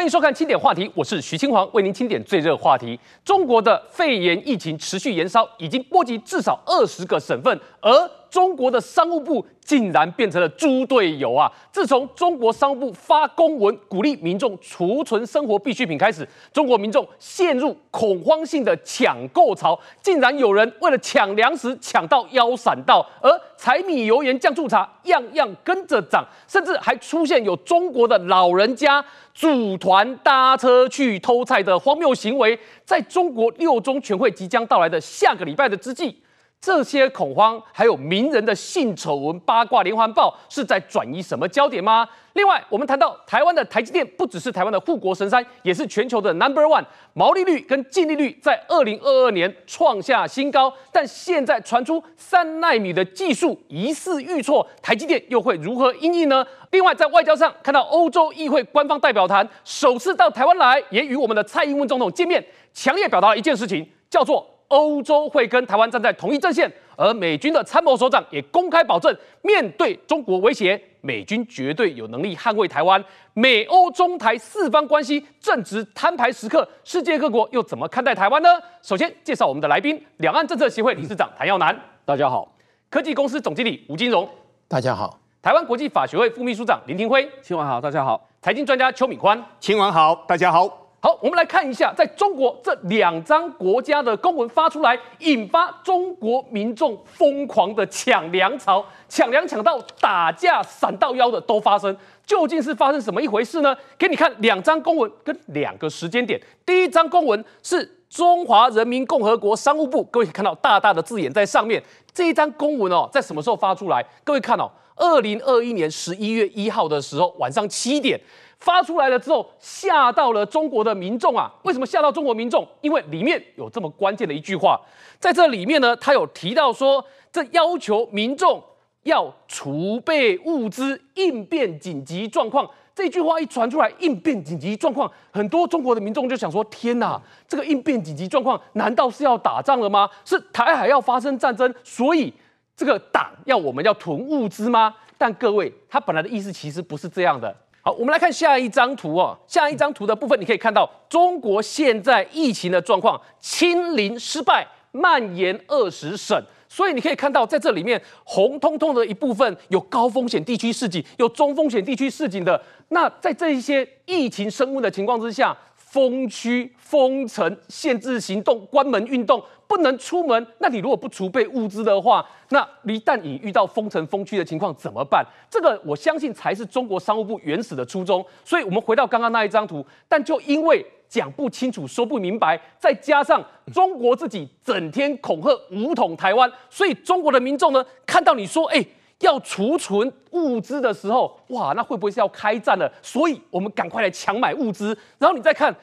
歡迎收看嶔點話題，我是徐嶔煌，為您嶔點最熱話題。中國的肺炎疫情持續延燒，已經波及至少二十個省份，而，中國的商務部竟然變成了豬隊友啊！自從中國商務部發公文鼓勵民眾儲存生活必需品開始，中國民眾陷入恐慌性的搶購潮，竟然有人為了搶糧食搶到腰閃到，而柴米油鹽醬醋茶樣樣跟着漲，甚至還出現有中國的老人家組團搭車去偷菜的荒謬行為。在中國六中全會即將到來的下個禮拜的之際，這些恐慌，還有名人的性醜聞八卦連環報，是在轉移什麼焦點嗎？另外，我們談到台灣的台積電，不只是台灣的護國神山，也是全球的 number one，毛利率跟淨利率在二零二二年創下新高，但現在傳出三奈米的技術疑似遇挫，台積電又會如何因應呢？另外，在外交上，看到歐洲議會官方代表團首次到台灣來，也與我們的蔡英文總統見面，強烈表達了一件事情，叫做。歐洲會跟台灣站在同一陣線，而美軍的參謀首長也公開保證，面對中國威脅，美軍絕對有能力捍衛台灣。美歐中台四方關係正值攤牌時刻，世界各國又怎麼看待台灣呢？首先介紹我們的來賓：兩岸政策協會理事長譚耀南，大家好；科技公司總經理吳金榮，大家好；台灣國際法學會副秘書長林廷輝，嶔煌好，大家好；財經專家邱敏寬，嶔煌好，大家好。好，我們來看一下，在中國這兩張國家的公文發出來，引發中國民眾瘋狂的搶糧潮，搶糧搶到打架，閃到腰的都發生。究竟是發生什麼一回事呢？給你看兩張公文跟兩個時間點。第一張公文是中華人民共和國商務部，各位可以看到大大的字眼在上面。這一張公文哦，在什麼時候發出來？各位看哦，二零二一年十一月一號的時候晚上七點。發出來了之後，嚇到了中國的民眾啊！為什麼嚇到中國民眾？因為裡面有這麼關鍵的一句話，在這裡面呢，他有提到說，這要求民眾要儲備物資，應變緊急狀況。這一句話一傳出來，應變緊急狀況，很多中國的民眾就想說：天哪，這個應變緊急狀況，難道是要打仗了嗎？是台海要發生戰爭，所以這個黨要我們要囤物資嗎？但各位，他本來的意思其實不是這樣的。好，我們來看下一張圖哦、啊。下一張圖的部分，你可以看到中國現在疫情的狀況，清零失敗，蔓延二十省。所以你可以看到，在這裡面紅彤彤的一部分有高風險地區市井，有中風險地區市井的。那在這一些疫情升溫的情況之下。封區、封城、限制行動、關門運動，不能出門。那你如果不儲備物資的話，那一旦你遇到封城、封區的情況怎麼辦？這個我相信才是中國商務部原始的初衷。所以，我們回到剛剛那一張圖，但就因為講不清楚、說不明白，再加上中國自己整天恐嚇武統台灣，所以中國的民眾呢，看到你說，誒。要儲存物資的時候，哇，那會不會是要開戰了？所以我們趕快來搶買物資。然後你再看，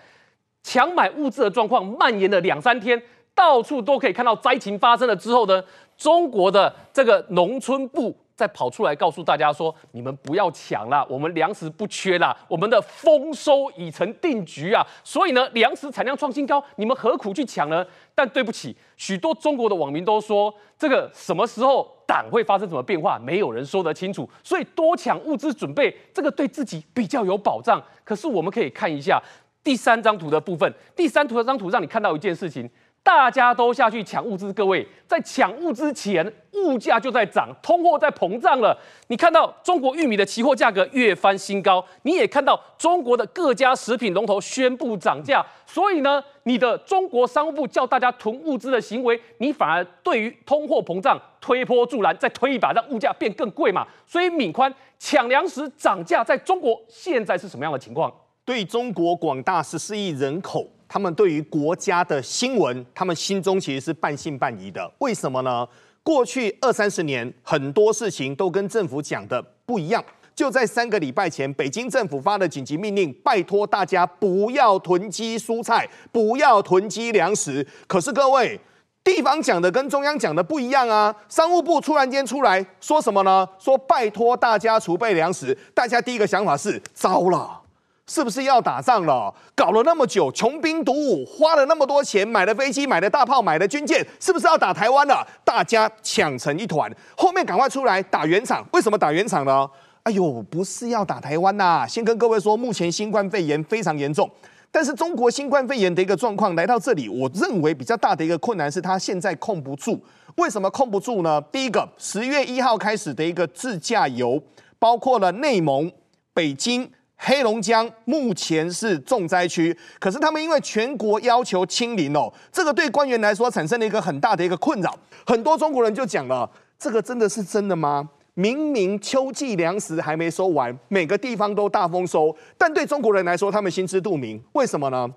搶買物資的狀況蔓延了兩三天，到處都可以看到災情發生了之後呢，中國的這個農村部再跑出來告訴大家說：“你們不要搶啦，我們糧食不缺啦，我們的豐收已成定局啊！”所以呢，糧食產量創新高，你們何苦去搶呢？但對不起，許多中國的網民都說：“這個什麼時候？”黨會發生什麼變化，沒有人說得清楚，所以多搶物資準備，這個對自己比較有保障。可是我們可以看一下第三張圖的部分，第三圖這張圖讓你看到一件事情。大家都下去搶物資，各位在搶物資前，物價就在漲，通貨在膨脹了。你看到中國玉米的期貨價格越翻新高，你也看到中國的各家食品龍頭宣布漲價、嗯，所以呢，你的中國商務部叫大家囤物資的行為，你反而對於通貨膨脹推波助瀾，再推一把，讓物價變更貴嘛？所以，敏寬搶糧食漲價，在中國現在是什麼樣的情況？對中國廣大十四億人口。他們對於國家的新聞，他們心中其實是半信半疑的。為什麼呢？過去二三十年很多事情都跟政府講的不一樣。就在三個禮拜前，北京政府發了緊急命令，拜託大家不要囤積蔬菜，不要囤積糧食。可是各位，地方講的跟中央講的不一樣啊！商務部突然間出來說什麼呢？說拜託大家儲備糧食，大家第一個想法是：糟了。是不是要打仗了？搞了那麼久，窮兵黷武，花了那麼多錢，買了飛機，買了大炮，買了軍艦，是不是要打台灣了？大家搶成一團，後面趕快出來打圓場。為什麼打圓場呢？哎呦，不是要打台灣吶！先跟各位說，目前新冠肺炎非常嚴重，但是中國新冠肺炎的一個狀況來到這裡，我認為比較大的一個困難是它現在控不住。為什麼控不住呢？第一個，十月一號開始的一個自駕遊，包括了內蒙、北京。黑龍江目前是重災區，可是他們因為全國要求清零哦，這個對官員來說產生了一個很大的一個困擾。很多中國人就講了，這個真的是真的嗎？明明秋季糧食還沒收完，每個地方都大豐收，但對中國人來說，他們心知肚明，為什麼呢？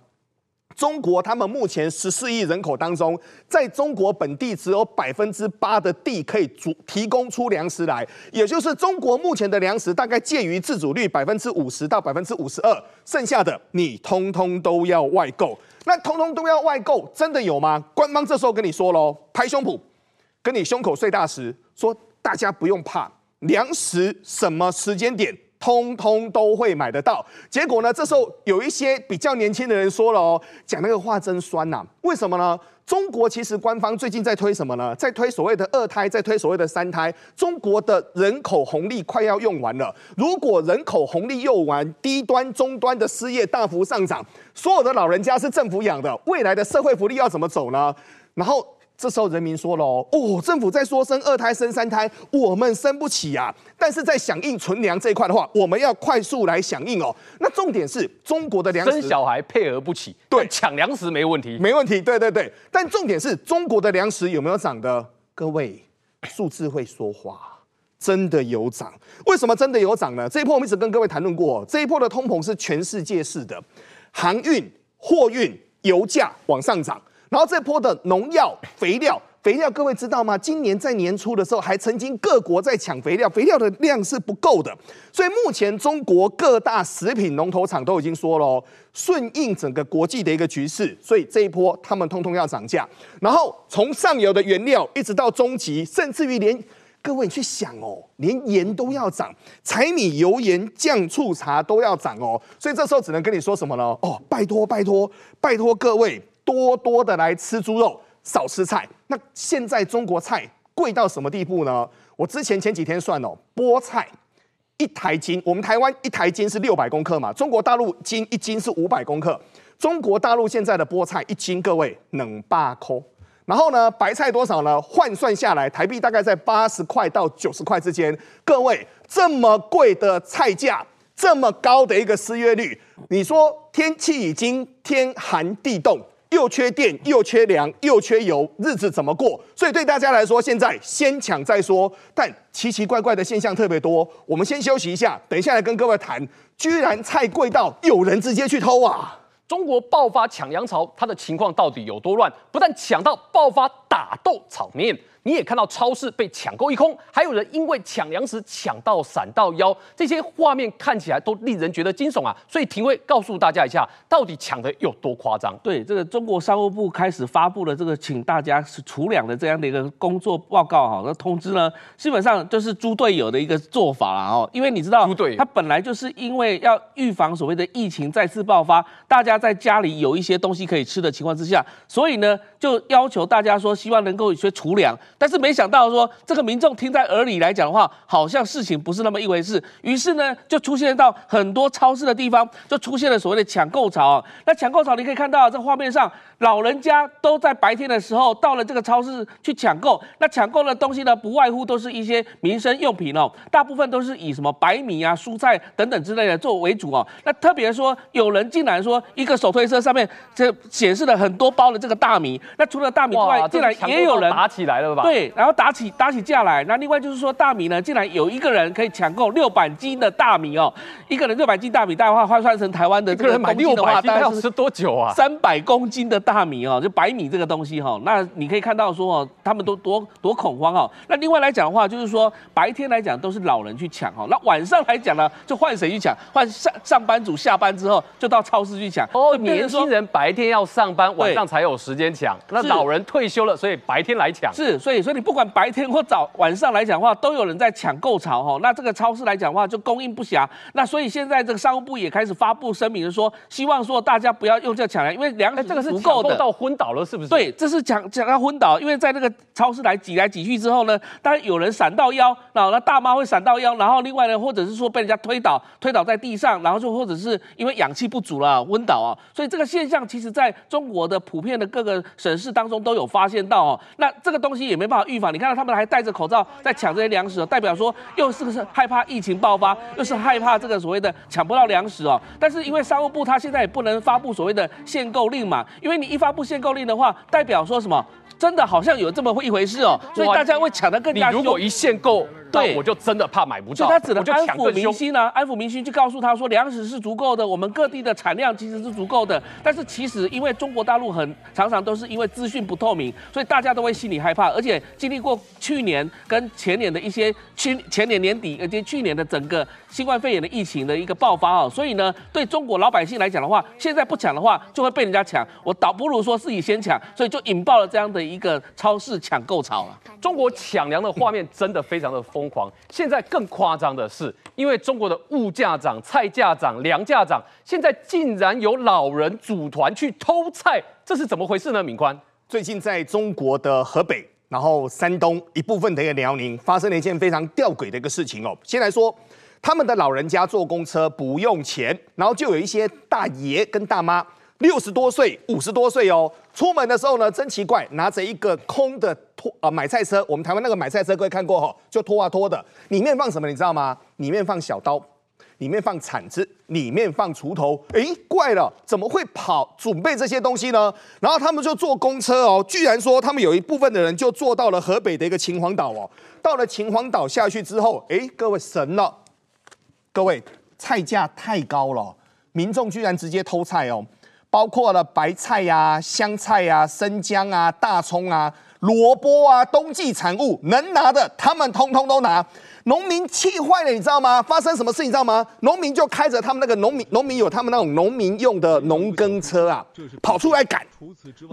中國他們目前十四億人口當中，在中國本地只有百分之八的地可以提供出糧食來，也就是中國目前的糧食大概介於自主率百分之五十到百分之五十二，剩下的你通通都要外購。那通通都要外購，真的有嗎？官方這時候跟你說嘍，拍胸脯，跟你胸口碎大石，說大家不用怕，糧食什麼時間點？通通都會買得到，結果呢？這時候有一些比較年輕的人說了哦，講那個話真酸吶、啊。為什麼呢？中國其實官方最近在推什麼呢？在推所謂的二胎，在推所謂的三胎。中國的人口紅利快要用完了，如果人口紅利用完，低端、中端的失業大幅上漲，所有的老人家是政府養的，未來的社會福利要怎麼走呢？然後。這時候人民說了哦，哦，政府在說生二胎、生三胎，我們生不起啊。但是在響應存糧這一塊的話，我們要快速來響應哦。那重點是中國的糧食。生小孩配合不起。對，搶糧食沒問題，沒問題。對對對。但重點是中國的糧食有沒有漲的？各位，數字會說話，真的有漲。為什麼真的有漲呢？這一波我們一直跟各位談論過哦，這一波的通膨是全世界式的，航運、貨運、油價往上漲。然後這波的農藥、肥料、肥料，各位知道嗎？今年在年初的時候，還曾經各國在搶肥料，肥料的量是不夠的，所以目前中國各大食品龍頭廠都已經說了哦，順應整個國際的一個局勢，所以這一波他們通通要漲價。然後從上游的原料一直到終極，甚至於連各位去想哦，連鹽都要漲，柴米油鹽醬醋、醋、茶都要漲哦，所以這時候只能跟你說什麼呢？哦，拜託拜託拜託各位。多多的來吃豬肉，少吃菜。那現在中國菜貴到什麼地步呢？我之前前幾天算了哦，菠菜一台斤，我們台灣一台斤是六百公克嘛，中國大陸斤一斤是五百公克。中國大陸現在的菠菜一斤，各位能八口。然後呢，白菜多少呢？換算下來，台幣大概在八十塊到九十塊之間。各位這麼貴的菜價，這麼高的一個失業率，你說天氣已經天寒地凍。又缺電，又缺糧，又缺油，日子怎麼過？所以對大家來說，現在先搶再說。但奇奇怪怪的現象特別多，我們先休息一下，等一下來跟各位談。居然菜貴到有人直接去偷啊！中國爆發搶糧潮，它的情況到底有多亂？不但搶到爆發打鬥場面。你也看到超市被搶購一空，還有人因為搶糧食搶到閃到腰，這些畫面看起來都令人覺得驚悚啊！所以廷輝告訴大家一下，到底搶得有多誇張？對，這個中國商務部開始發布了這個請大家儲糧的這樣的一個工作報告啊，那通知呢，基本上就是豬隊友的一個做法啦哦，因為你知道，豬隊友他本來就是因為要預防所謂的疫情再次爆發，大家在家裡有一些東西可以吃的情況之下，所以呢，就要求大家說，希望能夠有些儲糧。但是沒想到說這個民眾聽在耳裡來講的話，好像事情不是那麼一回事。於是呢，就出現到很多超市的地方，就出現了所謂的搶購潮。那搶購潮，你可以看到這畫面上，老人家都在白天的時候到了這個超市去搶購。那搶購的東西呢，不外乎都是一些民生用品哦，大部分都是以什麼白米啊、蔬菜等等之類的做為主哦。那特別說，有人竟然說，一個手推車上面這顯示了很多包的這個大米。那除了大米之外，竟然也有人打起來了吧？對對，然後打起打起架來。那另外就是說，大米呢，竟然有一個人可以搶購六百斤的大米哦，一個人六百斤大米，大概換算成台灣的，一個人買六百斤要吃多久啊？三百公斤的大米哦，就白米這個東西哈，那你可以看到說哦，他們都多多恐慌哦。那另外來講的話，就是說白天來講都是老人去搶哈，那晚上來講呢，就換誰去搶？換上上班族下班之後就到超市去搶哦。年輕人白天要上班，晚上才有時間搶。那老人退休了，所以白天來搶。是，所以。所以你不管白天或早晚上來講的話，都有人在搶購潮哈。那這個超市來講的話就供應不暇。那所以現在這個商務部也開始發佈聲明說，說希望說大家不要用這搶糧，因為糧、欸、這個是不夠的，到昏倒了是不是？對，這是搶搶到昏倒，因為在那個超市來擠來擠去之後呢，當然有人閃到腰，然後大媽會閃到腰，然後另外呢或者是說被人家推倒，推倒在地上，然後就或者是因為氧氣不足了昏倒啊。所以這個現象其實在中國的普遍的各個省市當中都有發現到哦。那這個東西也沒。法預防，你看到他們還戴着口罩在搶這些糧食，代表說又是不是害怕疫情爆發，又是害怕這個所謂的搶不到糧食哦。但是因為商務部他現在也不能發布所謂的限購令嘛，因為你一發布限購令的話，代表說什麼真的好像有這麼一回事哦，所以大家會搶得更加。你如果一限購。對，我就真的怕買不着。就他只能安撫民心啊，安撫民心，就告訴他說糧食是足夠的，我們各地的產量其實是足夠的。但是其實因為中國大陸很常常都是因為資訊不透明，所以大家都會心裡害怕。而且經歷過去年跟前年的一些，去前年年底，而且去年的整個新冠肺炎的疫情的一個爆發啊，所以呢，對中國老百姓來講的話，現在不搶的話就會被人家搶，我倒不如說自己先搶，所以就引爆了這樣的一個超市搶購潮了。中國搶糧的畫面真的非常的瘋。 瘋狂！現在更誇張的是，因為中國的物價漲、菜價漲、糧價漲，現在竟然有老人組團去偷菜，這是怎麼回事呢？敏寬最近在中國的河北、然後山東一部分的一個遼寧，發生了一件非常弔詭的一個事情哦。先來說，他們的老人家坐公車不用錢，然後就有一些大爺跟大媽。六十多歲、五十多歲哦，出門的時候呢，真奇怪，拿着一個空的拖啊、呃、買菜車。我們台灣那個買菜車，各位看過哈、哦，就拖啊拖的，裡面放什麼，你知道嗎？裡面放小刀，裡面放鏟子，裡面放鋤頭。哎，怪了，怎麼會跑準備這些東西呢？然後他們就坐公車哦，居然說他們有一部分的人就坐到了河北的一個秦皇島哦。到了秦皇島下去之後，哎，各位神了，各位菜價太高了，民眾居然直接偷菜哦。包括了白菜呀、啊、香菜呀、啊、生薑啊、大蔥啊、蘿蔔啊，冬季產物能拿的，他們通通都拿。農民氣壞了，你知道嗎？發生什麼事你知道嗎？農民就開着他們那個農民，農民有他們那種農民用的農耕車啊，跑出來趕，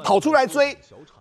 跑出來追，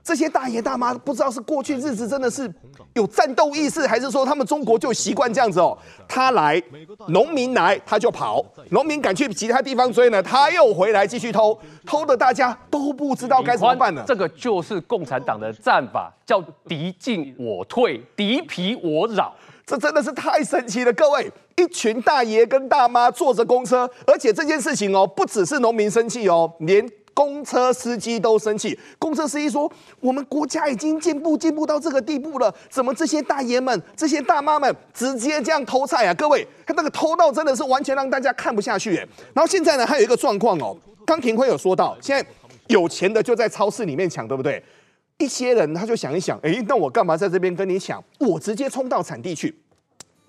這些大爺大媽不知道是過去日子真的是有戰鬥意識，還是說他們中國就習慣這樣子哦？他來，農民來他就跑，農民趕去其他地方追呢，他又回來繼續偷，偷的大家都不知道該怎麼辦呢？這個就是共產黨的戰法，叫敵進我退，敵疲我擾。這真的是太神奇了，各位！一群大爺跟大媽坐着公車，而且這件事情哦，不只是農民生氣哦，連公車司機都生氣。公車司機說：“我們國家已經進步進步到這個地步了，怎麼這些大爺們、這些大媽們直接這樣偷菜啊？”各位，他那個偷到真的是完全讓大家看不下去。哎，然後現在呢，還有一個狀況哦，剛廷輝有說到，現在有錢的就在超市裡面搶，對不對？一些人他就想一想，哎，那我幹嘛在這邊跟你搶？我直接衝到產地去，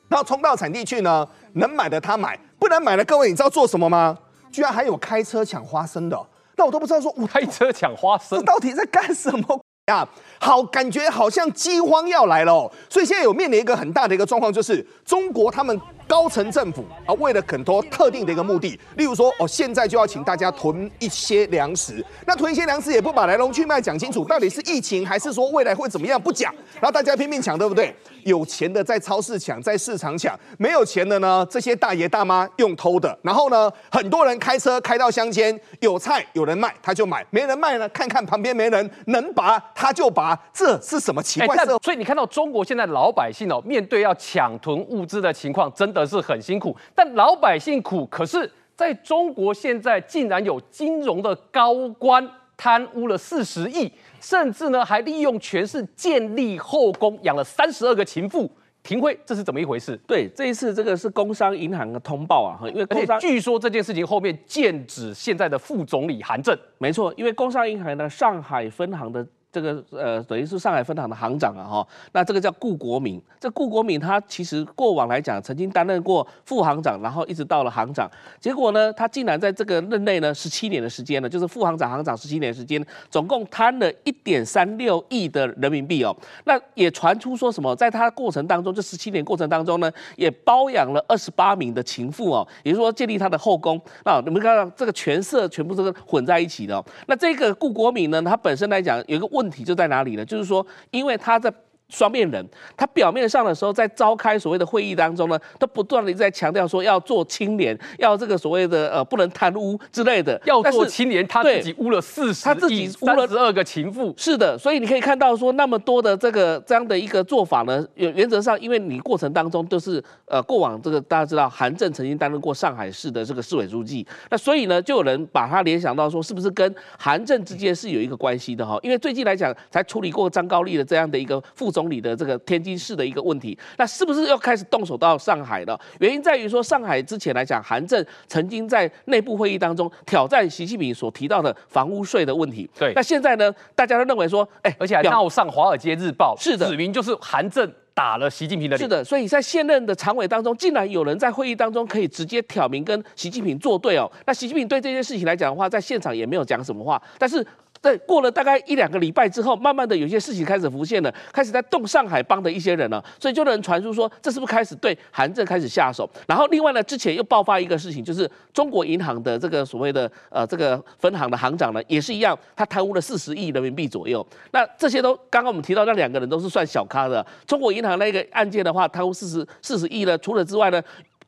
那衝到產地去呢，能買的他買，不能買的各位，你知道做什麼嗎？居然還有開車搶花生的，那我都不知道說我，我開車搶花生，這到底在幹什麼呀？好，感覺好像饑荒要來了哦，所以現在有面臨一個很大的一個狀況，就是中國他們。高層政府啊，為了很多特定的一個目的，例如說哦，現在就要請大家囤一些糧食。那囤一些糧食也不把來龍去脈講清楚，到底是疫情還是說未來會怎麼樣不講，然後大家拼命搶，對不對？有錢的在超市搶，在市場搶；沒有錢的呢，這些大爺大媽用偷的。然後呢，很多人開車開到鄉間，有菜有人賣他就買，沒人賣呢，看看旁邊沒人能拔他就拔。這是什麼奇怪事？的，欸，所以你看到中國現在老百姓哦，喔，面對要搶囤物資的情況，真。的是很辛苦，但老百姓苦。可是，在中國現在竟然有金融的高官貪污了四十億，甚至呢還利用權勢建立後宮，養了三十二個情婦。廷輝，這是怎麼一回事？對，這一次這個是工商銀行的通報啊，因為而且據說這件事情後面劍指現在的副總理韓正。沒錯，因為工商銀行呢，上海分行的。這個呃，等於是上海分行的行長啊，哈，那這個叫顧國明。這顧國明他其實過往來講，曾經擔任過副行長，然後一直到了行長。結果呢，他竟然在這個任內呢，十七年的時間呢，就是副行長、行長十七年的時間，總共貪了一點三六億的人民幣哦。那也傳出說什麼，在他過程當中，這十七年過程當中呢，也包養了二十八名的情婦哦，也就是說建立他的後宮。那你們看到這個權色全部都是混在一起的，哦。那這個顧國明呢，他本身來講有一個。問題就在哪裡呢？就是說，因為他在，雙面人，他表面上的時候在召開所謂的會議當中呢，都不斷的在強調說要做清廉，要這個所謂的呃不能貪污之類的。要做清廉，他自己污了四十他自己污了十二個情婦。是的，所以你可以看到說那麼多的這個這樣的一個做法呢，原原則上因為你過程當中都，就是呃過往這個大家知道韓正曾經擔任過上海市的這個市委書記，那所以呢就有人把他聯想到說是不是跟韓正之間是有一個關係的哈、哦？因為最近來講才處理過張高麗的這樣的一個負。總理的這個天津市的一個問題，那是不是要開始動手到上海了？原因在於說，上海之前來講，韓正曾經在內部會議當中挑戰習近平所提到的房屋稅的問題。對，那現在呢，大家都認為說，哎、欸，而且還鬧上華爾街日報，是的，指名就是韓正打了習近平的臉。是的，所以在現任的常委當中，竟然有人在會議當中可以直接挑明跟習近平作對哦。那習近平對這件事情來講的話，在現場也沒有講什麼話，但是。在過了大概一兩個禮拜之後，慢慢的有些事情開始浮現了，開始在動上海幫的一些人了、啊，所以就有人傳出說，這是不是開始對韓正開始下手？然後另外呢，之前又爆發一個事情，就是中國銀行的這個所謂的呃這個分行的行長呢，也是一樣，他貪污了四十億人民幣左右。那這些都剛剛我們提到那兩個人都是算小咖的，中國銀行那個案件的話，貪污四十四十億呢，除了之外呢，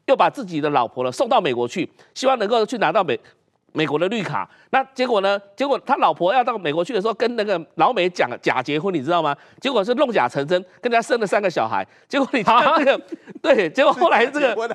又把自己的老婆呢送到美國去，希望能夠去拿到美。美國的綠卡，那結果呢？結果他老婆要到美國去的時候，跟那個老美講假，假結婚，你知道嗎？結果是弄假成真，跟他生了三個小孩。結果你他那、這個， 對，結果後來這個。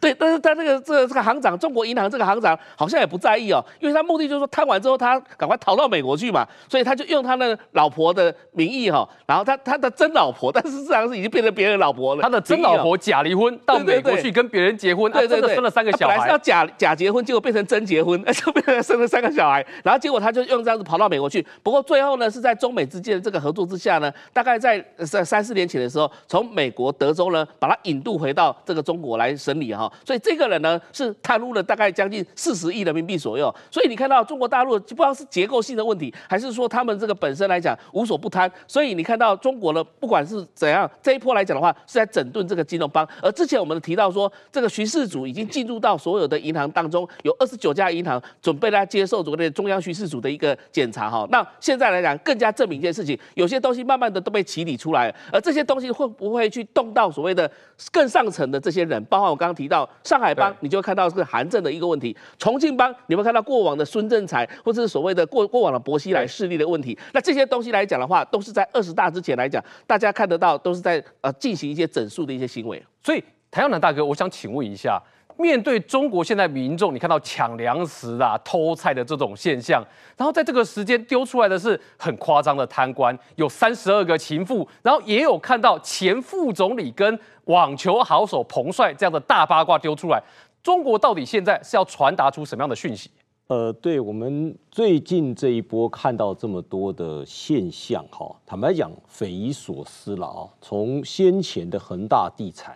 對，但是他這個、這個、這個行長，中國銀行這個行長好像也不在意哦，因為他目的就是說貪完之後他趕快逃到美國去嘛，所以他就用他那老婆的名義哈、哦，然後他、他的真老婆，但是自然是已經變成別人的老婆了，他的真老婆假離婚、哦、到美國去跟別人結婚，對對對，對，啊、真的生了三個小孩，本來是要假假結婚，結果變成真結婚，就變成生了三個小孩，然後結果他就用這樣子跑到美國去，不過最後呢是在中美之間的這個合作之下呢，大概在在三四年前的時候，從美國德州呢把他引渡回到這個中國來審理、哦。哈，所以這個人呢是貪污了大概將近四十億人民幣左右。所以你看到中國大陸就不知道是結構性的問題，還是說他們這個本身來講無所不貪。所以你看到中國呢，不管是怎樣這一波來講的話，是在整頓這個金融幫。而之前我們提到說，這個巡視組已經進入到所有的銀行當中，有二十九家銀行準備來接受所謂的中央巡視組的一個檢查哈。那現在來講，更加證明一件事情，有些東西慢慢的都被清理出來，而這些東西會不會去動到所謂的更上層的這些人，包括我剛剛提。提到上海幫，你就會看到是韓正的一個問題；重慶幫，你會看到過往的孫政才，或者是所謂的過過往的薄熙來勢力的問題。那這些東西來講的話，都是在二十大之前來講，大家看得到都是在呃進行一些整肅的一些行為。所以，譚耀南大哥，我想請問一下。面對中國現在民眾，你看到搶糧食啊、偷菜的這種現象，然後在這個時間丟出來的是很誇張的貪官，有三十二個情婦，然後也有看到前副總理跟網球好手彭帥這樣的大八卦丟出來。中國到底現在是要傳達出什麼樣的訊息？呃，對，我們最近這一波看到這麼多的現象，哈，坦白講，匪夷所思了啊。從先前的恆大地產，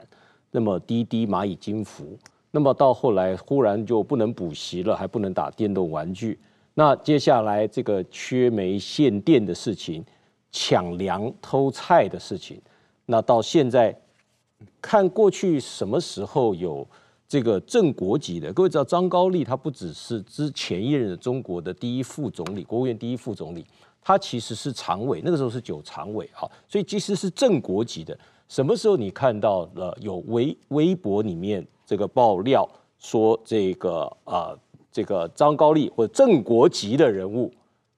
那麼滴滴、螞蟻金服。那麼到後來，忽然就不能補習了，還不能打電動玩具。那接下來這個缺煤限電的事情，搶糧偷菜的事情，那到現在，看過去什麼時候有這個正國級的？各位知道，張高麗他不只是之前一任的中國的第一副總理，國務院第一副總理，他其實是常委，那個時候是九常委哈，所以即使是正國級的。什麼時候你看到了有微微博裡面？這個爆料說，這個啊、呃，這個張高麗或者正國級的人物，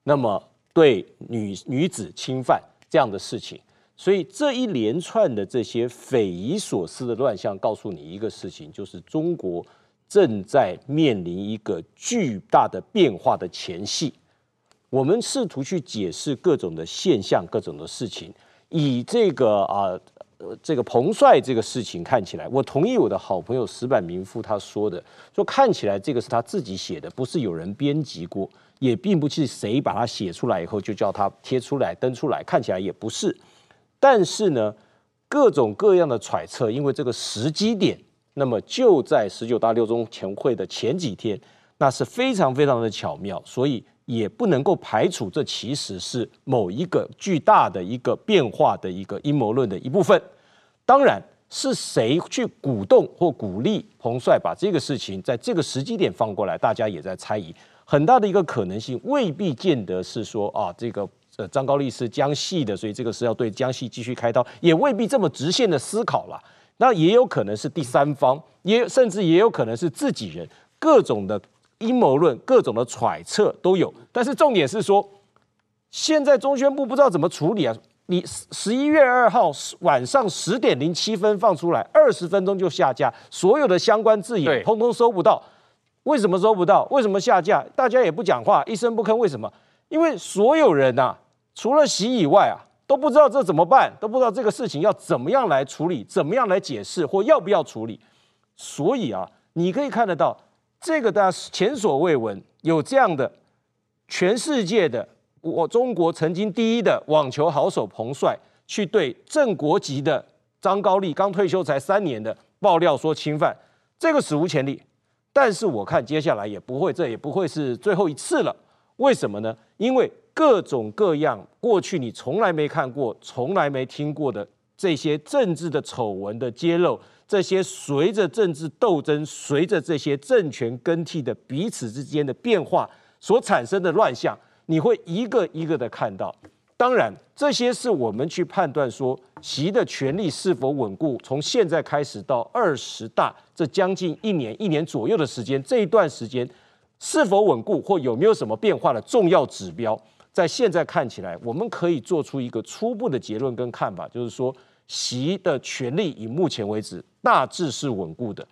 那麼對女女子侵犯這樣的事情，所以這一連串的這些匪夷所思的亂象，告訴你一個事情，就是中國正在面臨一個巨大的變化的前夕。我們試圖去解釋各種的現象、各種的事情，以這個啊。呃這個彭帥這個事情看起來，我同意我的好朋友石板民夫他說的，說看起來這個是他自己寫的，不是有人編輯過，也並不是誰把他寫出來以後就叫他貼出來登出來，看起來也不是。但是呢，各種各樣的揣測，因為這個時機點，那麼就在十九大六中全會的前幾天。那是非常非常的巧妙，所以也不能夠排除這其實是某一個巨大的一個變化的一個陰謀論的一部分。當然是誰去鼓動或鼓勵彭帥把這個事情在這個時機點放過來，大家也在猜疑。很大的一個可能性未必見得是說啊，這個呃張高麗是江西的，所以這個是要對江西繼續開刀，也未必這麼直線的思考了。那也有可能是第三方，也甚至也有可能是自己人，各種的。陰謀論，各種的揣測都有，但是重點是說，現在中宣部不知道怎麼處理啊！你十一月二號晚上十點零七分放出來，二十分鐘就下架，所有的相關字眼通通收不到。為什麼收不到？為什麼下架？大家也不講話，一聲不吭。為什麼？因為所有人啊，除了習以外啊，都不知道這怎麼辦，都不知道這個事情要怎麼樣來處理，怎麼樣來解釋，或要不要處理。所以啊，你可以看得到。這個大家前所未聞，有這樣的，全世界的，我中國曾經第一的網球好手彭帥，去對正國級的張高麗剛退休才三年的爆料說侵犯，這個史無前例。但是我看接下來也不會，這也不會是最後一次了。為什麼呢？因為各種各樣過去你從來沒看過、從來沒聽過的這些政治的醜聞的揭露。這些隨着政治鬥爭、隨着這些政權更替的彼此之間的變化所產生的亂象，你會一個一個的看到。當然，這些是我們去判斷說習的權力是否穩固，從現在開始到二十大這將近一年、一年左右的時間，這一段時間是否穩固或有沒有什麼變化的重要指標。在現在看起來，我們可以做出一個初步的結論跟看法，就是說，習的權力以目前為止。大致是穩固的，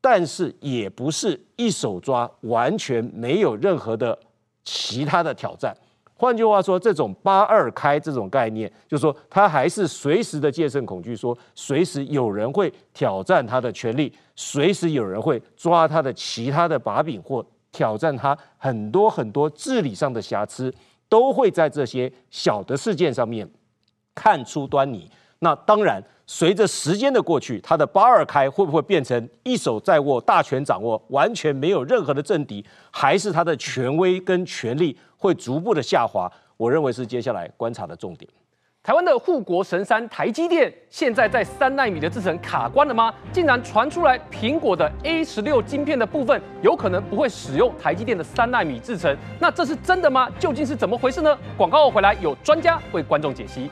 但是也不是一手抓，完全沒有任何的其他的挑戰。換句話說，這種八二開這種概念，就是說他還是隨時的戒慎恐懼，說隨時有人會挑戰他的權力，隨時有人會抓他的其他的把柄或挑戰他很多很多治理上的瑕疵，都會在這些小的事件上面看出端倪。那當然。隨着時間的過去，他的八二開會不會變成一手在握、大權掌握，完全沒有任何的政敵，還是他的權威跟權力會逐步的下滑？我認為是接下來觀察的重點。台灣的護國神山台積電，現在在三奈米的製程卡關了嗎？竟然傳出來蘋果的 A 十六晶片，的部分有可能不會使用台積電的三奈米製程，那這是真的嗎？究竟是怎麼回事呢？廣告後回來有專家為觀眾解析。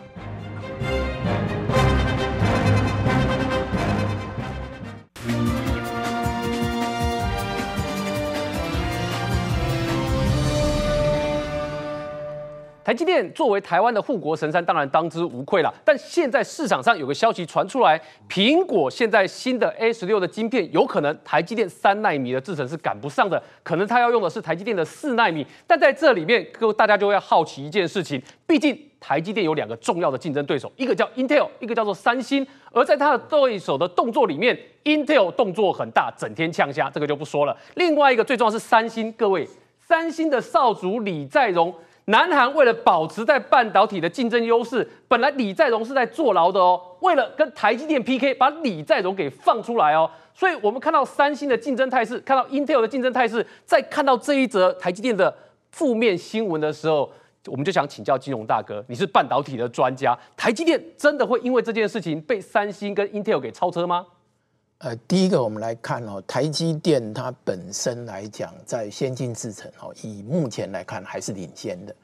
台積電作為台灣的護國神山，當然當之無愧了。但現在市場上有個消息傳出來，蘋果現在新的 A16 的晶片有可能台積電三奈米的制程是趕不上的，可能它要用的是台積電的四奈米。但在這裡面，各位大家就會要好奇一件事情，畢竟台積電有兩個重要的競爭對手，一個叫 Intel，一個叫做三星。而在它的對手的動作裡面，Intel 動作很大，整天嗆下，這個就不說了。另外一個最重要是三星，各位，三星的少主李在鎔南韓為了保持在半導體的競爭優勢，本來李在鎔是在坐牢的哦。為了跟台積電 PK，把李在鎔給放出來哦。所以我們看到三星的競爭態勢，看到 Intel 的競爭態勢，再看到這一則台積電的負面新聞的時候，我們就想請教金榮大哥，你是半導體的專家，台積電真的會因為這件事情被三星跟 Intel 給超車嗎？呃，第一個我們來看哦，台積電它本身來講，在先進製程哦，以目前來看還是領先的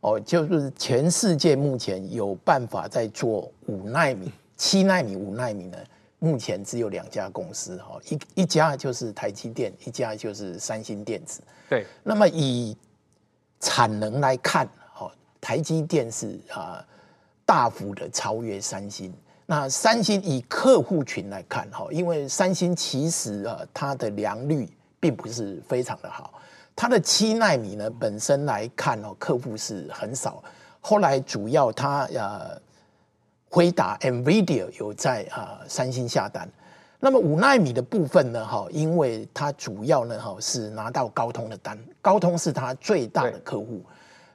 哦，就是全世界目前有辦法在做五納米、七納米、五納米呢，目前只有兩家公司哦，一一家就是台積電，一家就是三星電子。對，那麼以產能來看哦，台積電是啊，呃，大幅的超越三星。那三星以客戶群來看，哈，因為三星其實啊，它的良率並不是非常的好，它的七納米呢本身來看哦，客戶是很少。後來主要它呃，回答 NVIDIA 有在啊，三星下單。那麼五納米的部分呢，哈，因為它主要呢，哈，是拿到高通的單，高通是它最大的客戶。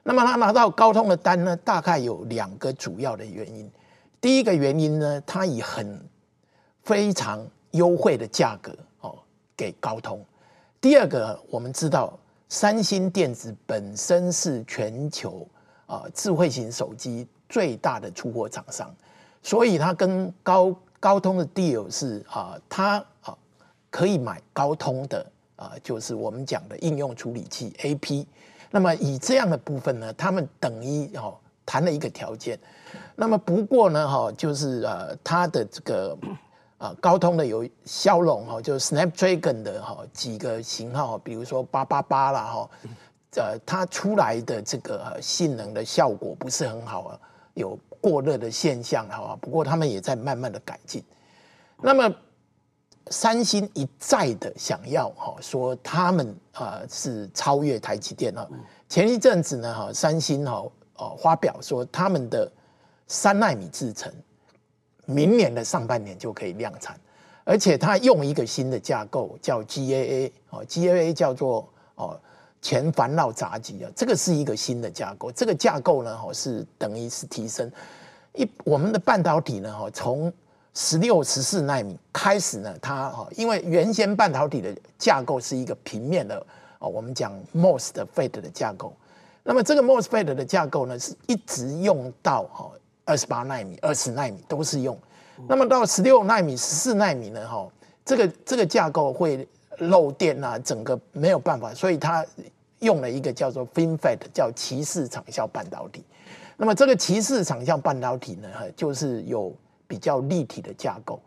那麼它拿到高通的單呢，大概有兩個主要的原因。第一個原因呢，它以很非常優惠的價格哦給高通。第二個，我們知道三星電子本身是全球啊智慧型手機最大的出貨廠商，所以它跟高高通的 deal 是啊，它啊可以買高通的啊，就是我們講的應用處理器 AP。那麼以這樣的部分呢，他們等於哦談了一個條件。那麼不過呢，哈，就是呃，它的這個啊，高通的有驍龍哈，就是 Snapdragon 的哈幾個型號，比如說八八八啦，哈，呃，它出來的這個性能的效果不是很好啊，有過熱的現象哈。不過他們也在慢慢的改進。那麼，三星一再的想要哈，說他們啊是超越台積電哈，前一陣子呢，哈，三星哈呃發表說他們的。三奈米製程，明年的上半年就可以量產，而且它用一個新的架構，叫 GAA 哦，GAA 叫做哦全環繞閘極。啊，這個是一個新的架構，這個架構呢是等於是提升一我們的半導體呢哈，從十六十四奈米開始呢，它因為原先半導體的架構是一個平面的哦，我們講 MOSFET 的架構，那麼這個 MOSFET 的架構呢是一直用到哈。二十八奈米、二十奈米都是用，那麼到十六奈米、十四奈米呢？哈，這個這個架構會漏電啊，整個沒有辦法，所以它用了一個叫做 FinFET 叫鰭式場效半導體。那麼這個鰭式場效半導體呢，哈，就是有比較立體的架構。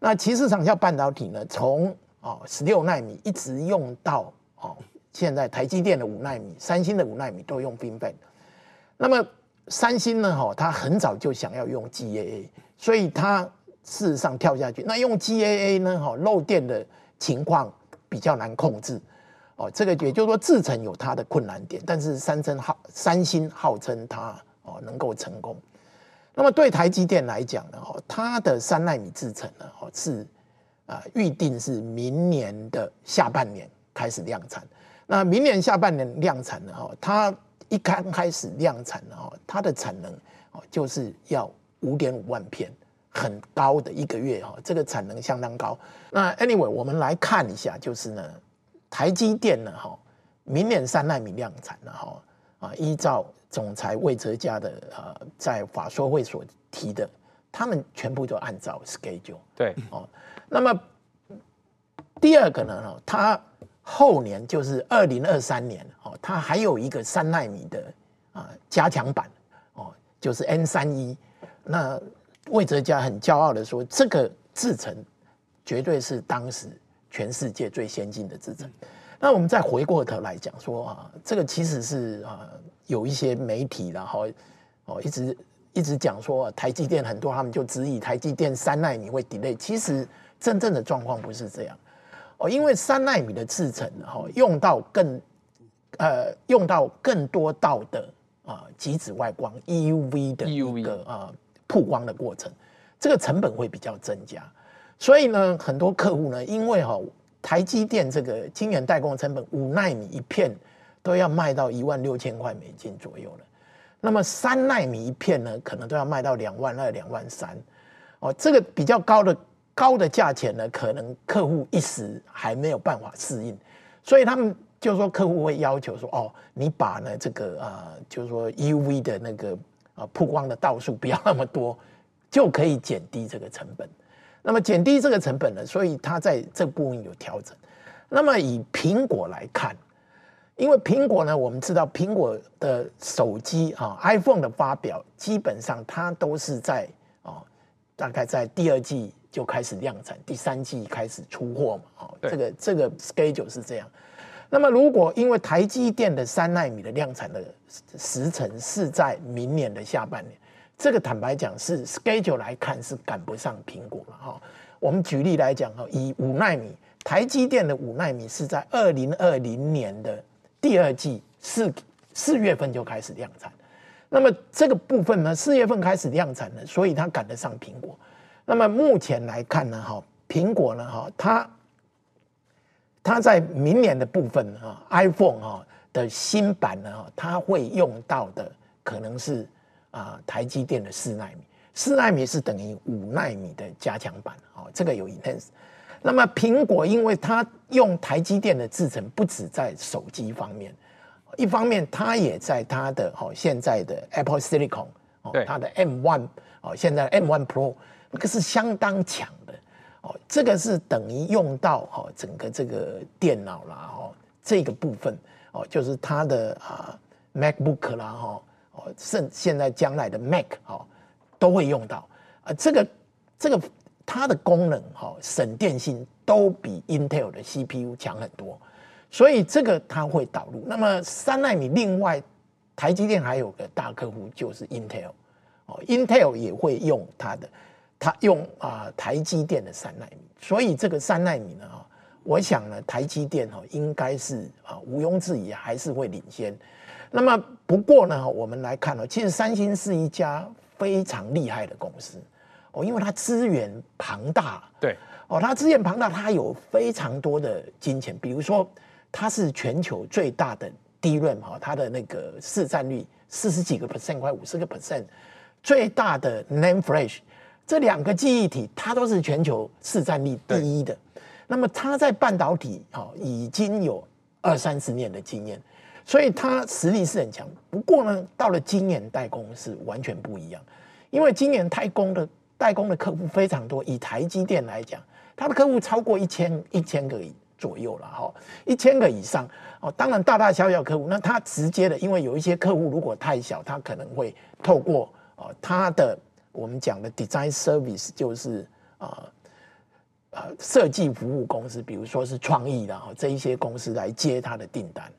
那鰭式場效半導體呢，從啊十六奈米一直用到哦現在台積電的五奈米、三星的五奈米都用 FinFET 那麼三星呢？哈，它很早就想要用 GAA，所以它事實上跳下去。那用 GAA 呢？哈，漏電的情況比較難控制。哦，這個也就是說製程有它的困難點。但是三星號，三星號稱它哦能夠成功。那麼對台積電來講呢？哈，它的三奈米製程呢？哈，是啊預定是明年的下半年開始量產。那明年下半年量產呢？哈，它。一剛開始量產哈，它的產能就是要五點五萬片，很高的一個月哈，這個產能相當高。那 anyway，我們來看一下，就是呢，台積電呢，哈，明年三納米量產了，哈，啊，依照總裁魏哲家的啊在法說會所提的，他們全部都按照 schedule 對哦。那麼第二個呢，哈，它。後年就是二零二三年哦，它還有一個三納米的啊加強版哦，就是 N 三一。那魏哲家很驕傲的說，這個制程絕對是當時全世界最先進的制程。那我們再回過頭來講說啊，這個其實是啊有一些媒體然後哦一直一直講說台積電很多他們就質疑台積電三納米會 delay，其實真正的狀況不是這樣。哦，因為三納米的制程、哦，哈，用到更，呃，用到更多道的啊，極、呃、紫外光 EUV 的 EUV 的啊，曝光的過程，這個成本會比較增加。所以呢，很多客戶呢，因為哈、哦，台積電這個晶圓代工的成本五納米一片都要賣到一萬六千塊美金左右了，那麼三納米一片呢，可能都要賣到兩萬二、兩萬三，哦，這個比較高的。高的價錢呢，可能客戶一時還沒有辦法適應，所以他們就是說客戶會要求說：“哦，你把呢這個啊、呃，就是說 UV 的那個啊、呃，曝光的道數不要那麼多，就可以減低這個成本。那麼減低這個成本呢，所以他在這部分有調整。那麼以蘋果來看，因為蘋果呢，我們知道蘋果的手機啊、哦，iPhone 的發表，基本上它都是在啊、哦，大概在第二季。”就開始量產，第三季開始出貨嘛，好，這個這個 schedule 是這樣。那麼，如果因為台積電的三納米的量產的時辰是在明年的下半年，這個坦白講是 schedule 來看是趕不上蘋果了哈。我們舉例來講哈，以五納米，台積電的五納米是在二零二零年的第二季四四月份就開始量產，那麼這個部分呢，四月份開始量產的，所以它趕得上蘋果。那麼目前來看呢，哈，蘋果呢，哈，它，它在明年的部分哈 iPhone 哈的新版呢，它會用到的可能是啊，台積電的四納米，四納米是等於五納米的加強版，哦，這個有 intense。那麼蘋果因為它用台積電的制程，不止在手機方面，一方面它也在它的哦現在的 Apple Silicon，哦，它的 M1，哦，現在的 M1 Pro。那個是相當強的哦，這個是等於用到哦，整個這個電腦啦哦，這個部分哦，就是它的啊 MacBook 啦哈哦，甚現在將來的 Mac 哦都會用到啊，這個這個它的功能哈省電性都比 Intel 的 CPU 強很多，所以這個它會導入。那麼三奈米，另外台積電還有個大客戶就是 Intel 哦，Intel 也會用它的。他用啊、呃、台積電的三奈米，所以這個三奈米呢，我想呢，台積電哦應該是啊毋庸置疑，還是會領先。那麼不過呢我們來看呢，其實三星是一家非常厲害的公司哦，因為它資源龐大，對哦，它資源龐大，它有非常多的金錢，比如說它是全球最大的 DRAM a，它的那個市占率四十幾個 percent，快五十個 percent，最大的 NAND Flash。這兩個記憶體，它都是全球市占率第一的。那麼它在半導體，哈，已經有二三十年的經驗，所以它實力是很強。不過呢，到了今年代工是完全不一樣，因為今年代工的代工的客戶非常多。以台積電來講，它的客戶超過一千一千個左右了，哈，一千個以上。哦，當然大大小小客戶。那它直接的，因為有一些客戶如果太小，它可能會透過哦它的。我們講的 design service 就是啊，啊設計服務公司，比如說是創意的哈，這一些公司來接他的訂單。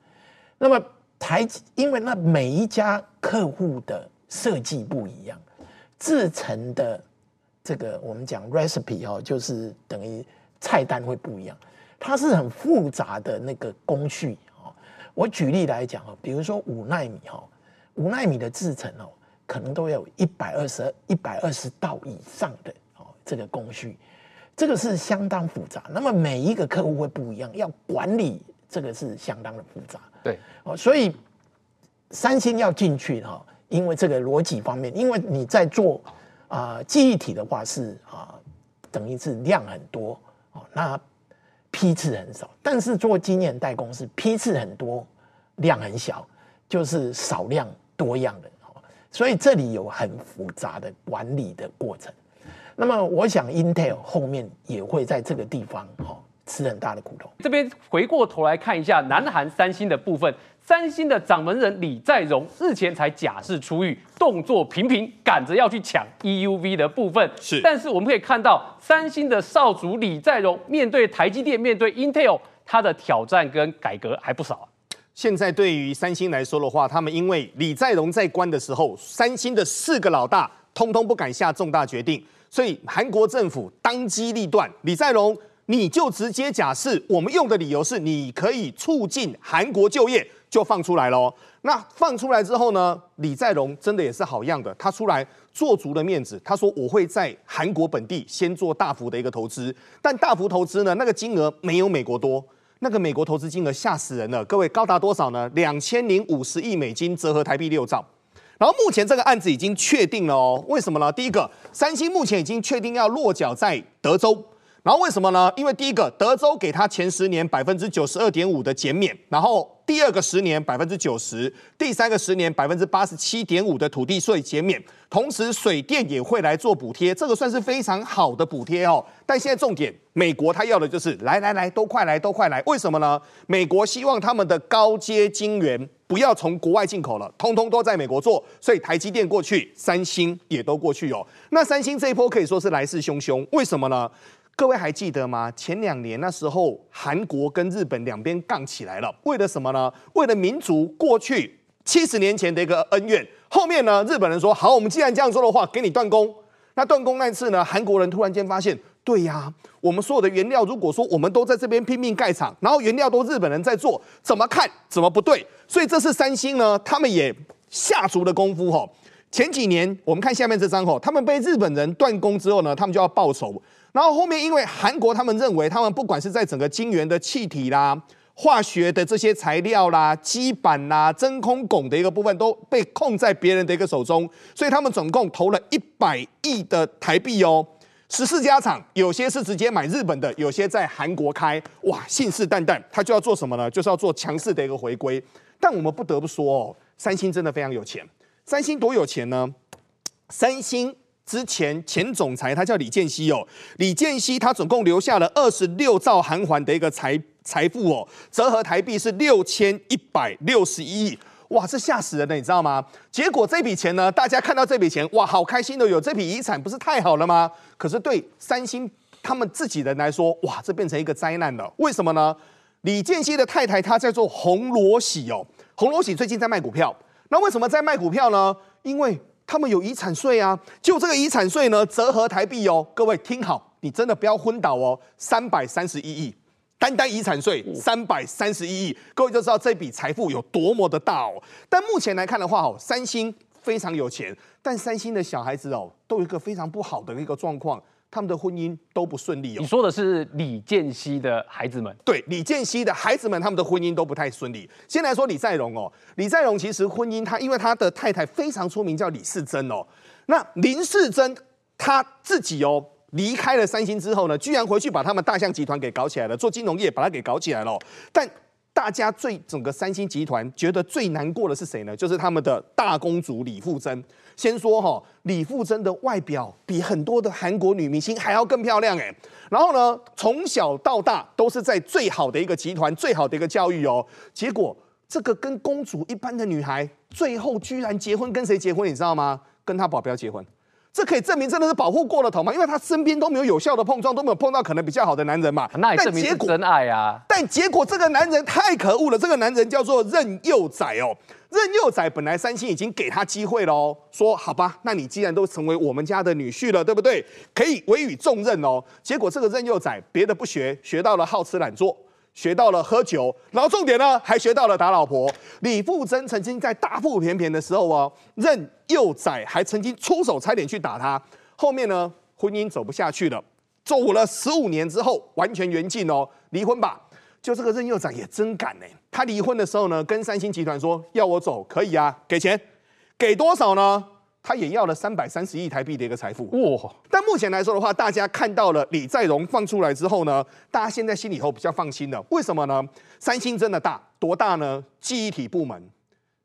那麼台，因為那每一家客戶的設計不一樣，製程的這個我們講 recipe 哦，就是等於菜單會不一樣。它是很複雜的那個工序啊。我舉例來講哦，比如說五奈米哈，五奈米的製程哦。可能都有一百二十一百二十道以上的哦，這個工序。這個是相當複雜。那麼每一個客戶會不一樣，要管理這個是相當的複雜。對哦，所以三星要進去哈，因為這個邏輯方面，因為你在做啊、呃、記憶體的話是啊、呃、等於是量很多哦，那批次很少；但是做晶圓代工是批次很多，量很小，就是少量多樣的。所以這裡有很複雜的管理的過程。那麼，我想 Intel 後面也會在這個地方哈吃很大的苦頭。這邊回過頭來看一下南韓三星的部分，三星的掌門人李在鎔日前才假釋出獄，動作頻頻，趕着要去搶 EUV 的部分。是，但是我們可以看到，三星的少主李在鎔面對台積電、面對 Intel，他的挑戰跟改革還不少啊。現在對於三星來說的話，他們因為李在鎔在關的時候，三星的四個老大通通不敢下重大決定，所以韓國政府當機立斷，李在鎔你就直接假釋。我們用的理由是你可以促進韓國就業，就放出來了哦。那放出來之後呢，李在鎔真的也是好樣的，他出來做足了面子，他說我會在韓國本地先做大幅的一個投資，但大幅投資呢，那個金額沒有美國多。那個美國投資金額嚇死人了，各位高達多少呢？兩千零五十億美金，折合台幣六兆。然後目前這個案子已經確定了哦，為什麼呢？第一個，三星目前已經確定要落腳在德州。然後為什麼呢？因為第一個，德州給他前十年百分之九十二點五的減免。然後。第二個十年百分之九十，第三個十年百分之八十七點五的土地稅減免，同時水電也會來做補貼，這個算是非常好的補貼哦。但現在重點，美國他要的就是來來來，都快來都快來，為什麼呢？美國希望他們的高階晶圓不要從國外進口了，通通都在美國做，所以台積電過去，三星也都過去哦。那三星這一波可以說是來勢洶洶，為什麼呢？各位還記得嗎？前兩年那時候，韓國跟日本兩邊槓起來了，為了什麼呢？為了民族過去七十年前的一個恩怨。後面呢，日本人說好，我們既然這樣說的話，給你斷供。那斷供那次呢，韓國人突然間發現，對呀、啊，我們所有的原料如果說我們都在這邊拼命蓋廠，然後原料都日本人在做，怎麼看怎麼不對。所以這次三星呢，他們也下足了功夫吼、喔，前幾年我們看下面這張吼、喔，他們被日本人斷供之後呢，他們就要報仇。然後後面，因為韓國他們認為，他們不管是在整個晶圓的氣體啦、化學的這些材料啦、基板啦、真空汞的一個部分，都被控在別人的一個手中，所以他們總共投了一百億的台幣哦。十四家廠，有些是直接買日本的，有些在韓國開。哇，信誓旦旦，他就要做什麼呢？就是要做強勢的一個回歸。但我們不得不說哦，三星真的非常有錢。三星多有錢呢？三星。之前前總裁他叫李健熙哦，李健熙他總共留下了二十六兆韓元的一個財財富哦，折合台幣是六千一百六十一億，哇，這嚇死人了，你知道嗎？結果這筆錢呢，大家看到這筆錢，哇，好開心的哦，有這筆遺產不是太好了嗎？可是對三星他們自己人來說，哇，這變成一個災難了，為什麼呢？李健熙的太太她在做洪羅喜哦，洪羅喜最近在賣股票，那為什麼在賣股票呢？因為。他們有遺產稅啊，就這個遺產稅呢，折合台幣哦。各位聽好，你真的不要昏倒哦。三百三十一億，單單遺產稅三百三十一億，各位就知道這筆財富有多麼的大哦。但目前來看的話哦，三星非常有錢，但三星的小孩子哦，都有一個非常不好的一個狀況。他們的婚姻都不順利哦。你說的是李健熙的孩子們？對，李健熙的孩子們，他們的婚姻都不太順利。先來說李在鎔哦，李在鎔其實婚姻他因為他的太太非常出名，叫李世珍哦。那林世珍他自己哦離開了三星之後呢，居然回去把他們大象集團給搞起來了，做金融業把他給搞起來了哦。但大家最整個三星集團覺得最難過的是誰呢？就是他們的大公主李富真。先說哈、哦，李富真的外表比很多的韓國女明星還要更漂亮哎。然後呢，從小到大都是在最好的一個集團、最好的一個教育哦。結果這個跟公主一般的女孩，最後居然結婚，跟誰結婚？你知道嗎？跟她保鏢結婚。這可以證明真的是保護過了頭嗎？因為她身邊都沒有有效的碰撞，都沒有碰到可能比較好的男人嘛。那也證明是真愛啊，但結果。但結果這個男人太可惡了，這個男人叫做任佑宰。哦。任佑宰本來三星已經給他機會了哦，說好吧，那你既然都成為我們家的女婿了，對不對？可以委以重任哦。結果這個任佑宰別的不學，學到了好吃懶做，學到了喝酒，然後重點呢還學到了打老婆。李富真曾經在大腹便便的時候哦，任佑宰還曾經出手差點去打他。後面呢，婚姻走不下去了，走了十五年之後完全緣盡哦，離婚吧。就這個任佑長也真敢呢、欸！他離婚的時候呢，跟三星集團說，要我走可以啊，給錢，給多少呢？他也要了三百三十億台幣的一個財富。但目前來說的話，大家看到了李在鎔放出來之後呢，大家現在心裡頭比較放心了。為什麼呢？三星真的大多大呢？記憶體部門、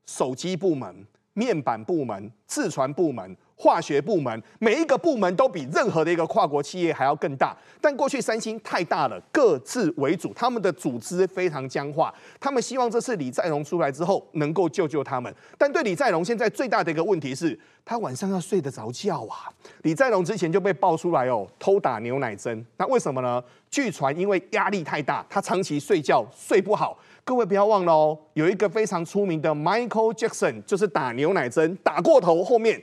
手機部門、面板部門、自傳部門。化學部門，每一個部門都比任何的一個跨國企業還要更大，但過去三星太大了，各自為主，他們的組織非常僵化。他們希望這次李在鎔出來之後能夠救救他們，但對李在鎔現在最大的一個問題是，他晚上要睡得着覺啊。李在鎔之前就被爆出來哦，偷打牛奶針，那為什麼呢？據傳因為壓力太大，他長期睡覺睡不好。各位不要忘了哦，有一個非常出名的 Michael Jackson 就是打牛奶針打過頭，後面。.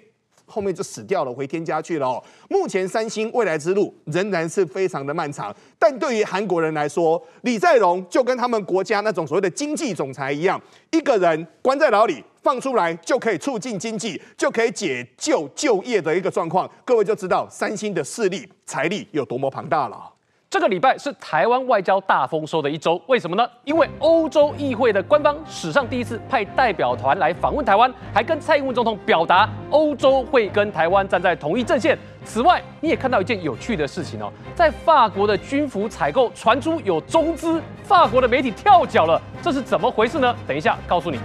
後面就死掉了，回天家去了哦。目前三星未來之路仍然是非常的漫長，但對於韓國人來說，李在鎔就跟他們國家那種所謂的經濟總裁一樣，一個人關在牢裡，放出來就可以促進經濟，就可以解救就業的一個狀況。各位就知道三星的勢力、財力有多麼龐大了。這個禮拜是台灣外交大豐收的一周，為什麼呢？因為歐洲議會的官方史上第一次派代表團來訪問台灣，還跟蔡英文總統表達歐洲會跟台灣站在同一陣線。此外，你也看到一件有趣的事情哦，在法國的軍服採購傳出有中資，法國的媒體跳腳了，這是怎麼回事呢？等一下告訴你。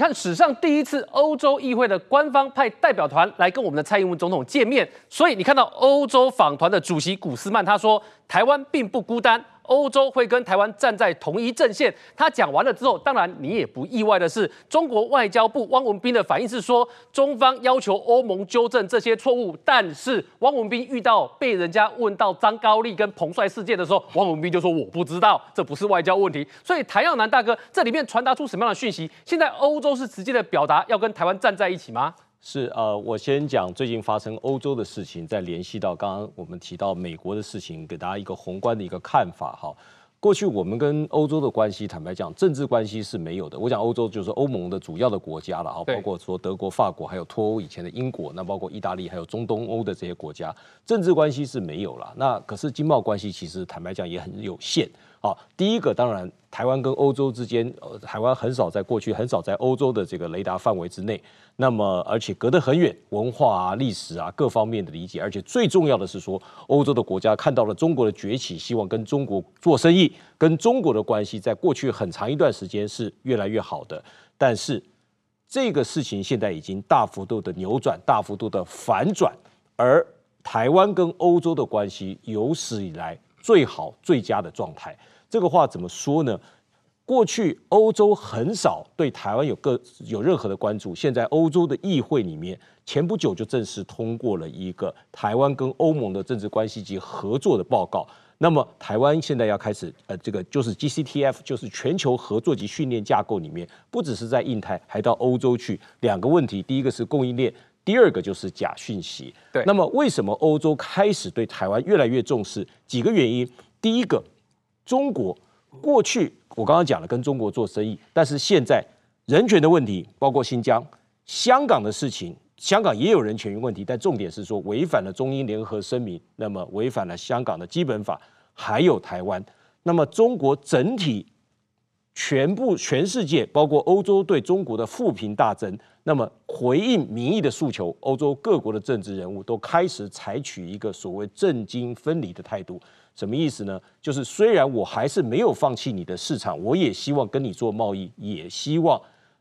看，史上第一次歐洲議會的官方派代表團來跟我們的蔡英文總統見面，所以你看到歐洲訪團的主席古斯曼他說：“台灣並不孤單。”歐洲會跟台灣站在同一陣線。他講完了之後，當然你也不意外的是，中國外交部汪文斌的反應是說，中方要求歐盟糾正這些錯誤。但是汪文斌遇到被人家問到張高麗跟彭帥事件的時候，汪文斌就說我不知道，這不是外交問題。所以譚耀南大哥，這裡面傳達出什麼樣的訊息？現在歐洲是直接的表達要跟台灣站在一起嗎？是，呃、啊，我先講最近發生歐洲的事情，再聯繫到剛剛我們提到美國的事情，給大家一個宏觀的一個看法哈。過去我們跟歐洲的關係，坦白講，政治關係是沒有的。我講歐洲就是歐盟的主要的國家了哈，包括說德國、法國，還有脫歐以前的英國，那包括意大利，還有中東歐的這些國家，政治關係是沒有了。那可是經貿關係，其實坦白講也很有限。好、哦，第一個當然，台灣跟歐洲之間，呃，台灣很少在過去很少在歐洲的這個雷達範圍之內。那麼，而且隔得很遠，文化啊、歷史啊各方面的理解，而且最重要的是說，歐洲的國家看到了中國的崛起，希望跟中國做生意，跟中國的關係在過去很長一段時間是越來越好的。但是，這個事情現在已經大幅度的扭轉，大幅度的反轉，而台灣跟歐洲的關係有史以來。最好最佳的狀態，這個話怎麼說呢？過去歐洲很少對台灣有個有任何的關注，現在歐洲的議會裡面，前不久就正式通過了一個台灣跟歐盟的政治關係及合作的報告。那麼台灣現在要開始，呃，這個就是 GCTF，就是全球合作及訓練架構裡面，不只是在印太，還到歐洲去。兩個問題，第一個是供應鏈。第二個就是假訊息。對，那麼為什麼歐洲開始對台灣越來越重視？幾個原因：第一個，中國過去我剛剛講了跟中國做生意，但是現在人權的問題，包括新疆、香港的事情，香港也有人權的問題，但重點是說違反了中英聯合聲明，那麼違反了香港的基本法，還有台灣。那麼中國整體。全部全世界，包括歐洲對中國的負評大增。那麼，回應民意的訴求，歐洲各國的政治人物都開始採取一個所謂“政經分離”的態度。什麼意思呢？就是雖然我還是沒有放棄你的市場，我也希望跟你做貿易，也希望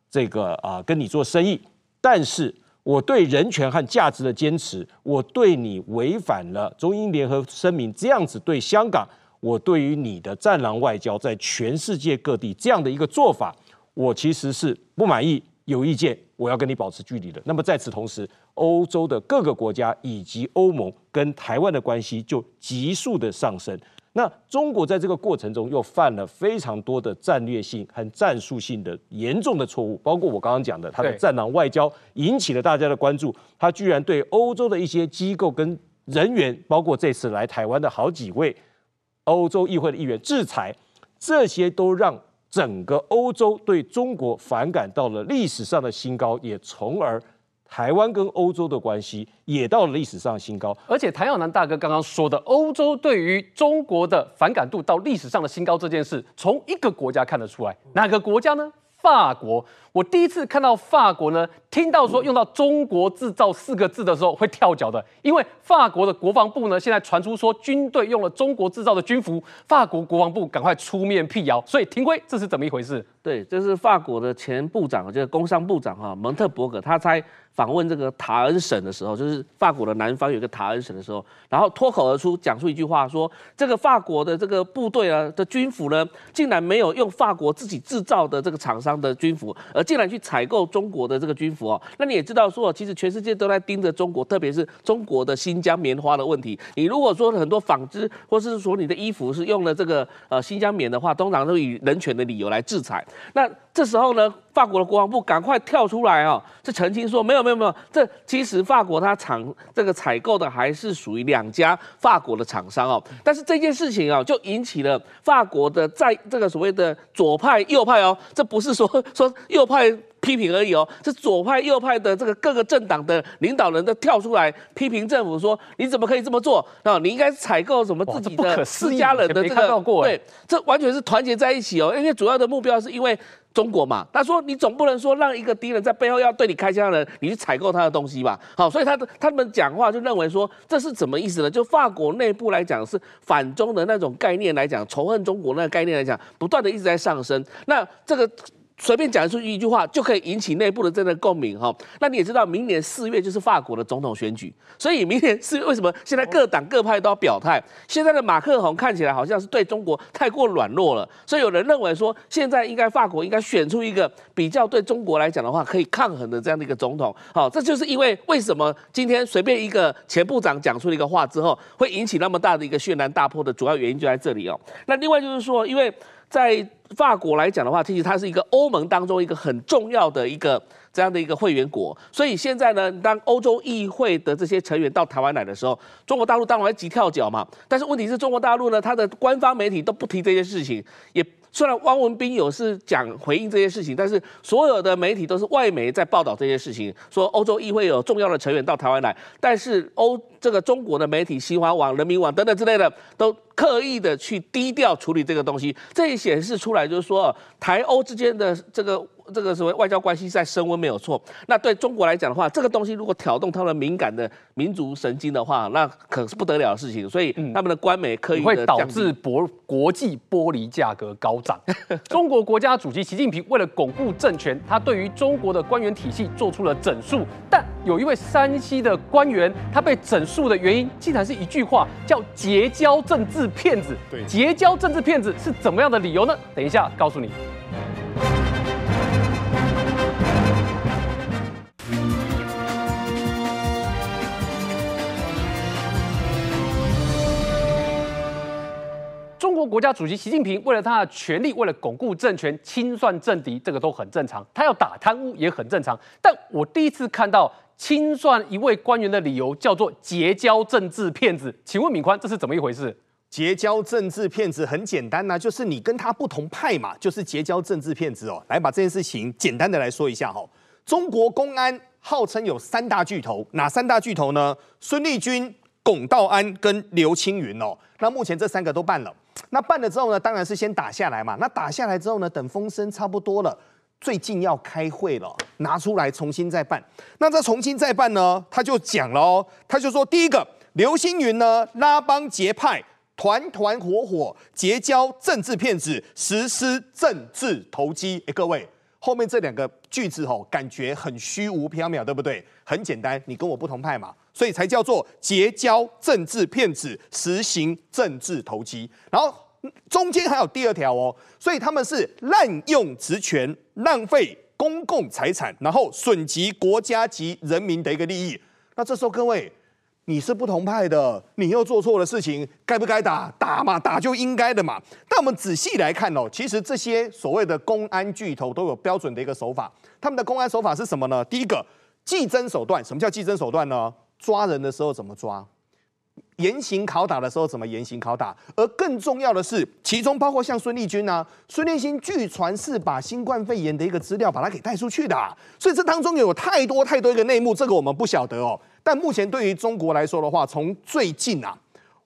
這個啊跟你做生意，但是我對人權和價值的堅持，我對你違反了中英聯合聲明，這樣子對香港。我對於你的戰狼外交在全世界各地這樣的一個做法，我其實是不滿意、有意見，我要跟你保持距離的。那麼在此同時，歐洲的各個國家以及歐盟跟台灣的關係就急速的上升。那中國在這個過程中又犯了非常多的戰略性和戰術性的嚴重的錯誤，包括我剛剛講的他的戰狼外交引起了大家的關注，他居然對歐洲的一些機構跟人員，包括這次來台灣的好幾位。歐洲議會的議員制裁，這些都讓整個歐洲對中國反感到了歷史上的新高，也從而台灣跟歐洲的關係也到了歷史上的新高。而且，譚耀南大哥剛剛說的，歐洲對於中國的反感度到歷史上的新高這件事，從一個國家看得出來，哪個國家呢？法國。我第一次看到法國呢，聽到說用到“中國制造”四個字的時候會跳腳的，因為法國的國防部呢，現在傳出說軍隊用了中國制造的軍服，法國國防部趕快出面闢謠，所以廷輝，這是怎麼一回事？對，這是法國的前部長，就是工商部長哈蒙特伯格，他在訪問這個塔恩省的時候，就是法國的南方有一個塔恩省的時候，然後脫口而出講出一句話說，說這個法國的這個部隊啊的軍服呢，竟然沒有用法國自己制造的這個廠商的軍服。而竟然去採購中國的這個軍服哦，那你也知道說，其實全世界都在盯着中國，特別是中國的新疆棉花的問題。你如果說很多紡織，或是說你的衣服是用了這個呃新疆棉的話，通常都以人權的理由來制裁。那。這時候呢，法國的國防部趕快跳出來哦，就澄清說沒有沒有沒有，這其實法國它廠這個採購的還是屬於兩家法國的廠商哦。但是這件事情啊、哦，就引起了法國的在這個所謂的左派右派哦，這不是說說右派批評而已哦，是左派右派的這個各個政黨的領導人都跳出來批評政府說你怎麼可以這麼做？那、哦、你應該採購什麼自己的私家人的、這個這對，這完全是團結在一起哦，因為主要的目標是因為。中國嘛，他說你總不能說讓一個敵人在背後要對你開槍的人，你去採購他的東西吧？好，所以他的他們講話就認為說這是怎麼意思呢？就法國內部來講是反中的那種概念來講，仇恨中國的那個概念來講，不斷的一直在上升。那這個。隨便講出一句話就可以引起內部的真的共鳴哈。那你也知道，明年四月就是法國的總統選舉，所以明年四月為什麼現在各黨各派都要表態？現在的馬克宏看起來好像是對中國太過軟弱了，所以有人認為說，現在應該法國應該選出一個比較對中國來講的話可以抗衡的這樣的一個總統。好，這就是因為為什麼今天隨便一個前部長講出了一個話之後會引起那麼大的一個軒然大波的主要原因就在這裡哦。那另外就是說，因為。在法國來講的話，其實它是一個歐盟當中一個很重要的一個這樣的一個會員國，所以現在呢，當歐洲議會的這些成員到台灣來的時候，中國大陸當然還急跳腳嘛。但是問題是，中國大陸呢，它的官方媒體都不提這些事情，也。雖然汪文斌有是講回應這些事情，但是所有的媒體都是外媒在報道這些事情，說歐洲議會有重要的成員到台灣來，但是歐這個中國的媒體新華網、人民網等等之類的，都刻意的去低調處理這個東西，這也顯示出來就是說台歐之間的這個。這個所謂外交關係在升溫沒有錯，那對中國來講的話，這個東西如果挑動他們敏感的民族神經的話，那可是不得了的事情。所以他們的官媒可以、嗯、會導致國國際玻璃價格高漲。 中國國家主席習近平為了鞏固政權，他對於中國的官員體系做出了整肅，但有一位山西的官員，他被整肅的原因竟然是一句話，叫結交政治騙子。對，結交政治騙子是怎麼樣的理由呢？等一下告訴你。中國國家主席習近平為了他的權力，為了鞏固政權、清算政敵，這個都很正常。他要打貪污也很正常。但我第一次看到清算一位官員的理由叫做結交政治騙子。請問敏寬，這是怎麼一回事？結交政治騙子很簡單吶、啊，就是你跟他不同派嘛，就是結交政治騙子哦。來把這件事情簡單的來說一下哈、哦。中國公安號稱有三大巨頭，哪三大巨頭呢？孫力軍、龔道安跟劉青雲哦。那目前這三個都辦了。那辦了之後呢？當然是先打下來嘛。那打下來之後呢？等風聲差不多了，最近要開會了，拿出來重新再辦。那這重新再辦呢？他就講了哦，他就說：第一個，劉新雲呢，拉幫結派，團團夥夥，結交政治騙子，實施政治投機。欸，各位，後面這兩個句子哦，感覺很虛無縹緲，對不對？很簡單，你跟我不同派嘛。所以才叫做結交政治騙子，實行政治投機。然後中間還有第二條哦，所以他們是濫用職權、浪費公共財產，然後損及國家及人民的一個利益。那這時候，各位你是不同派的，你又做錯了事情，該不該打？打嘛，打就應該的嘛。但我們仔細來看哦，其實這些所謂的公安巨頭都有標準的一個手法。他們的公安手法是什麼呢？第一個，技偵手段。什麼叫技偵手段呢？抓人的時候怎麼抓？嚴刑拷打的時候怎麼嚴刑拷打？而更重要的是，其中包括像孫力軍啊、孫立新據傳是把新冠肺炎的一個資料，把他給帶出去的啊。所以這當中有太多太多一個內幕，這個我們不曉得哦。但目前對於中國來說的話，從最近啊，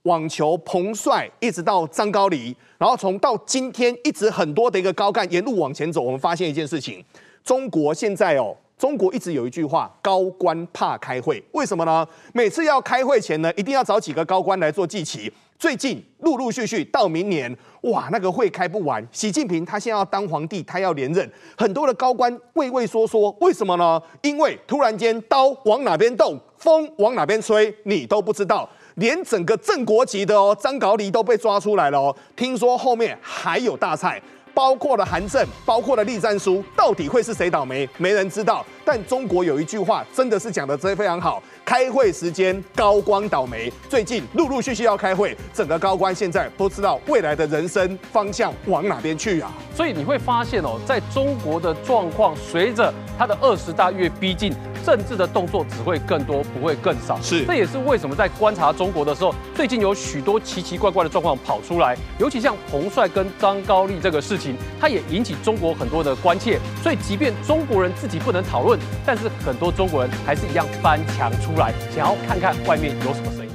網球彭帥一直到張高麗，然後從到今天一直很多的一個高幹沿路往前走，我們發現一件事情：中國現在哦。中國一直有一句話，高官怕開會，為什麼呢？每次要開會前呢，一定要找幾個高官來做祭旗。最近陸陸續續到明年，哇，那個會開不完。習近平他現在要當皇帝，他要連任，很多的高官畏畏縮縮，為什麼呢？因為突然間刀往哪邊動，風往哪邊吹，你都不知道。連整個正國級的哦，張高麗都被抓出來了哦，聽說後面還有大菜。包括了韓正，包括了栗戰書，到底會是誰倒霉？沒人知道。但中國有一句話，真的是講得真非常好：開會時間高官倒霉。最近陸陸續續要開會，整個高官現在不知道未來的人生方向往哪邊去啊！所以你會發現哦，在中國的狀況，隨着他的二十大越逼近。政治的動作只會更多，不會更少。是，這也是為什麼在觀察中國的時候，最近有許多奇奇怪怪的狀況跑出來，尤其像彭帥跟張高麗這個事情，他也引起中國很多的關切。所以，即便中國人自己不能討論，但是很多中國人還是一樣翻牆出來，想要看看外面有什麼聲音。